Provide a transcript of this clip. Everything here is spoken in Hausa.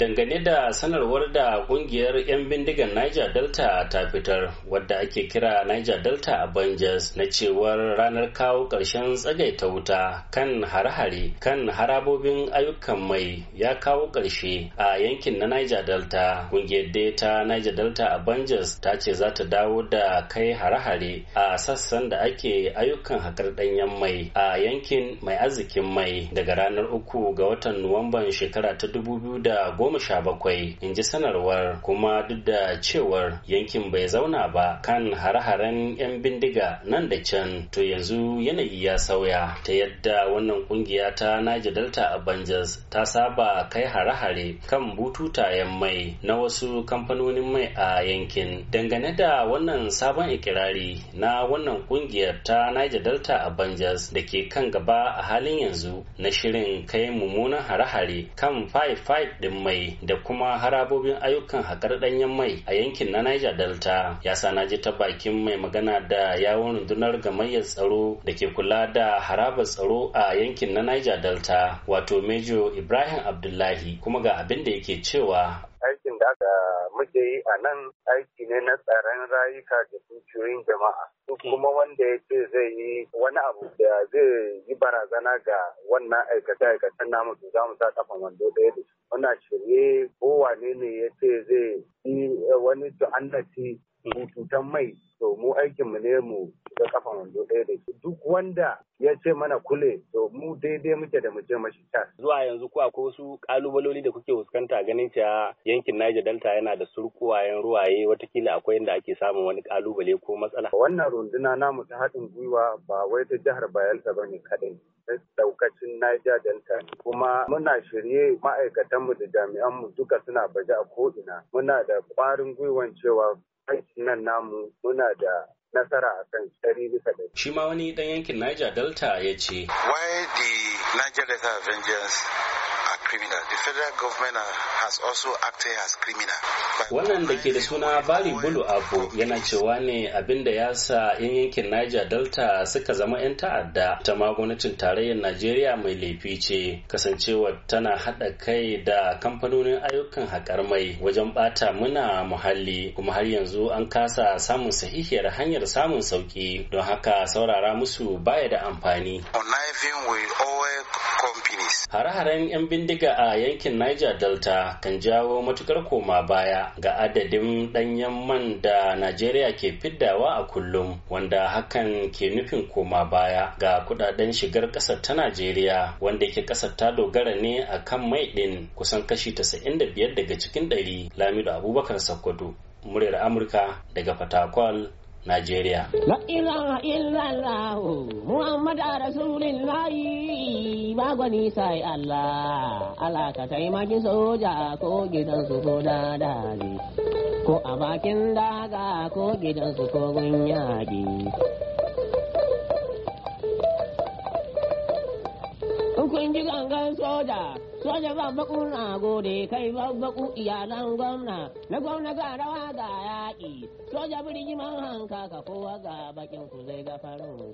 dangane da sanarwar da kungiyar 'yan bindigan niger delta ta fitar wadda ake kira niger delta avengers na cewar ranar kawo ƙarshen tsagaita wuta kan harhare kan harabobin ayyukan mai ya kawo ƙarshe a yankin na niger delta kungiyar data niger delta avengers ta ce za ta dawo da kai hare-hare a sassan da ake ayyukan haƙar ɗanyen mai a yankin mai arzikin mai daga ranar uku ga watan nuwamban shekara ta 2010 goma sha bakwai in ji sanarwar kuma duk da cewar yankin bai zauna ba kan hare-haren 'yan bindiga nan da can to yanzu yanayi ya sauya ta yadda wannan kungiya ta naji Delta Avengers ta saba kai hare-hare kan bututayen mai na wasu kamfanonin mai a yankin dangane da wannan sabon ikirari na wannan kungiyar ta Niger Delta Avengers da ke kan gaba a halin yanzu na shirin kai mummunan hare-hare kan 5-5 din mai mai da kuma harabobin ayyukan haƙar ɗanyen mai a yankin na Niger Delta ya sa na ji ta bakin mai magana da yawon rundunar gamayyar tsaro da ke kula da harabar tsaro a yankin na Niger Delta wato Mejo Ibrahim Abdullahi kuma ga abin da yake cewa aikin da aka muke yi a nan aiki ne na tsaron rayuka da dukiyoyin jama'a kuma wanda ya ce zai yi wani abu da zai yi barazana ga wannan aikace-aikacen namu su za mu sa kafan wando ɗaya da su muna shirye ko wane ne ya ce zai yi eh, wani tu'annati bututan mm. mai to mu mu ne mu da kafan wando ɗaya da shi duk wanda ya ce mana kule to mu daidai muke da mu je mashi ta Zuwa yanzu ko akwai wasu kalubaloli da kuke fuskanta ganin cewa yankin Niger Delta yana da surkuwayen ruwaye watakila akwai inda ake samun wani kalubale ko matsala. Wannan runduna namu ta haɗin gwiwa ba wai ta jihar Bayelsa bane kaɗai. daukacin Niger Delta kuma muna shirye ma'aikatanmu da jami'anmu duka suna baje a ko'ina muna da ƙwarin gwiwan cewa nan namu muna da nasara a kan ɗari bisa ɗari. Shi ma wani ɗan yankin Niger Delta ya ce. Why the Niger Delta Avengers criminal. The federal government has also acted as criminal. Wannan da ke da suna Bari Bulu Abu yana cewa ne abin da ya sa 'yan yankin Niger Delta suka zama 'yan ta'adda ta magunacin tarayyar Najeriya mai laifi ce kasancewar tana haɗa kai da kamfanonin ayyukan haƙar mai wajen ɓata muna muhalli kuma har yanzu an kasa samun sahihiyar hanyar hanyar samun sauki don haka saurara musu baya da amfani. Hare-haren 'yan bindiga a yankin Niger Delta kan jawo matukar koma baya ga adadin ɗanyen man da Najeriya ke fiddawa a kullum wanda hakan ke nufin koma baya ga kudaden shigar ƙasar ta Najeriya wanda ke ƙasar ta dogara ne a kan mai ɗin kusan kashi 95 daga cikin ɗari lamidu Abubakar Sokoto. Muryar Amurka daga Fatakwal, Najeriya. La ilaha illallah Muhammad Rasulullah ba gwani sai Allah Allah ka taimaki soja ko gidan su ko dadali ko a bakin daga ko gidan su ko gun mun ji gangan soja soja ba baku na gode kai ban baku iyalan gwamna na gwamna ga rawa ga yaƙi soja birgiman hanka ka kowa ga bakin ku zai ga farin ku